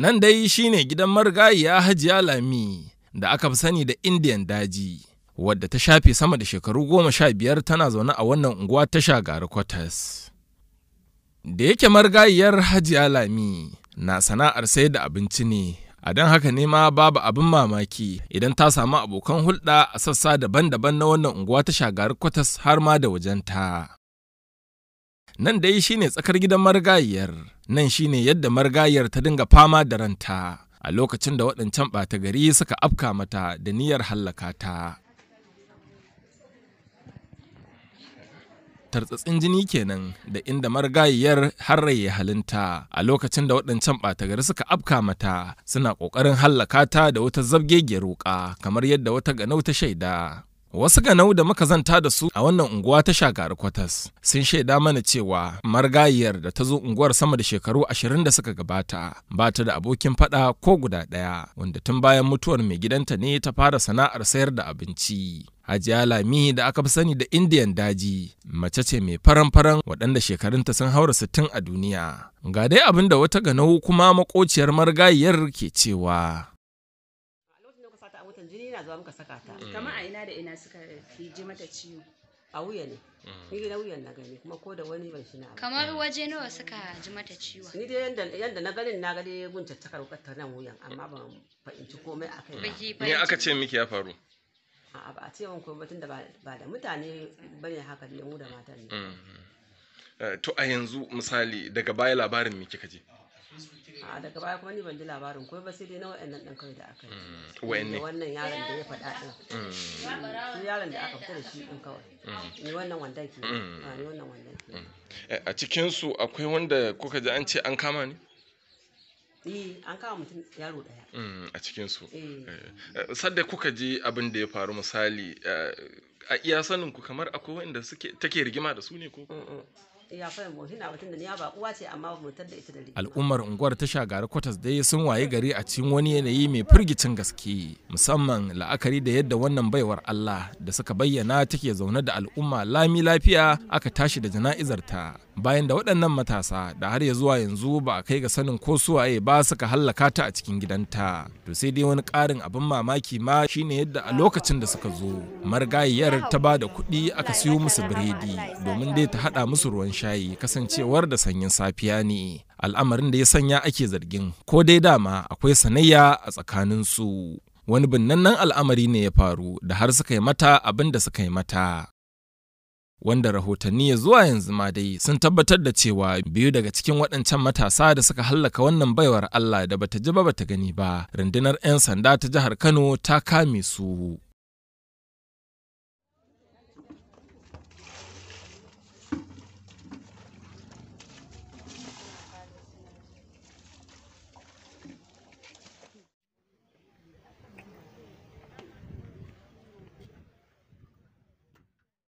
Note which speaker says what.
Speaker 1: Nan dai shi ne gidan marigayiya Hajiya Lami da aka fi sani da Indian Daji, wadda ta shafe sama da shekaru goma sha biyar tana zaune a wannan unguwa ta shagari kwatas. Da yake marigayiyar Hajiya Lami na sana'ar sai da abinci ne, a don haka ne ma babu abin mamaki idan ta samu abokan hulɗa a sassa daban-daban na wannan unguwa ta shagari kwatas har ma da wajenta. nan dai ne tsakar gidan margayiyar nan shi ne yadda margayiyar ta dinga fama da ranta a lokacin da waɗancan ɓata gari suka afka mata da niyyar hallaka ta tartsatsin jini kenan da inda har harraye halinta a lokacin da waɗancan ɓata-gari suka afka mata suna ƙoƙarin hallaka ta da wata zabgegiyar wuƙa kamar yadda wata ganau ta shaida Wasu ganau da muka zanta da su a wannan unguwa ta shagari kwatas sun shaida mana cewa margayiyar da ta zo unguwar sama da shekaru ashirin da suka gabata ba ta da abokin fada ko guda ɗaya wanda tun bayan mutuwar mai gidanta ne ta fara sana'ar sayar da abinci. Hajiya Lami da aka fi sani da Indian daji mace ce mai faran-faran waɗanda shekarunta sun haura sittin a duniya. Ga dai abin da wata ganau kuma makociyar margayiyar ke cewa.
Speaker 2: ga muka saka ta mm. kamar a ina da ina suka fi ji mata ciwo a wuya ne mm. ni na wuyan na gani kuma ko da wani ban shi na kamar waje nawa suka ji mata ciwo ni dai yanda na ganin na gani gun tattakar wukatar nan wuyan amma ban fahimci komai a kai ba ne aka
Speaker 1: ce miki ya faru
Speaker 2: A ba a ce wani kuma batun da ba da mutane bane haka da mu da matan ne
Speaker 1: mm-hmm. eh, to a yanzu misali daga baya labarin me kika je
Speaker 2: a daga baya kuma ni ban ji labarin ko ba sai dai na wayannan dan kawai da aka yi mm, Wayanne. wannan yaron da ya faɗa din mm. su yaron da aka fita da shi din kawai mm. ni wannan wanda ke ni wannan wandan
Speaker 1: ke a cikin su akwai wanda kuka ji an ce an kama ni?
Speaker 2: Eh, an kama mutum yaro
Speaker 1: daya. a cikin su. Eh. Eh, eh, sadda kuka ji abin da ya faru misali a iya saninku kamar akwai wanda take rigima da su ne ko? Al'ummar unguwar ta shagari kwatas dai sun waye gari a cikin wani yanayi mai firgicin gaske musamman la'akari da yadda wannan baiwar Allah da suka bayyana take zaune da al'umma lami lafiya aka tashi da jana'izar ta. bayan da waɗannan matasa da har ya zuwa yanzu ba a kai ga sanin ko suwaye ba suka hallaka ta a cikin gidanta to sai dai wani ƙarin abin mamaki ma shine yadda a lokacin da suka zo marigayiyar ta ba da kuɗi aka siyo musu biredi domin dai ta haɗa musu ruwan shayi kasancewar da sanyin safiya ne al'amarin da ya sanya ake zargin ko dai dama akwai sanayya a tsakaninsu wani binnannen al'amari ne ya faru da har suka yi mata abin da suka yi mata wanda rahotanni ya zuwa yanzu ma dai sun tabbatar da cewa biyu daga cikin waɗancan matasa da suka hallaka wannan baiwar Allah da bata ji ba bata gani ba rundunar 'yan sanda ta jihar Kano ta kame su.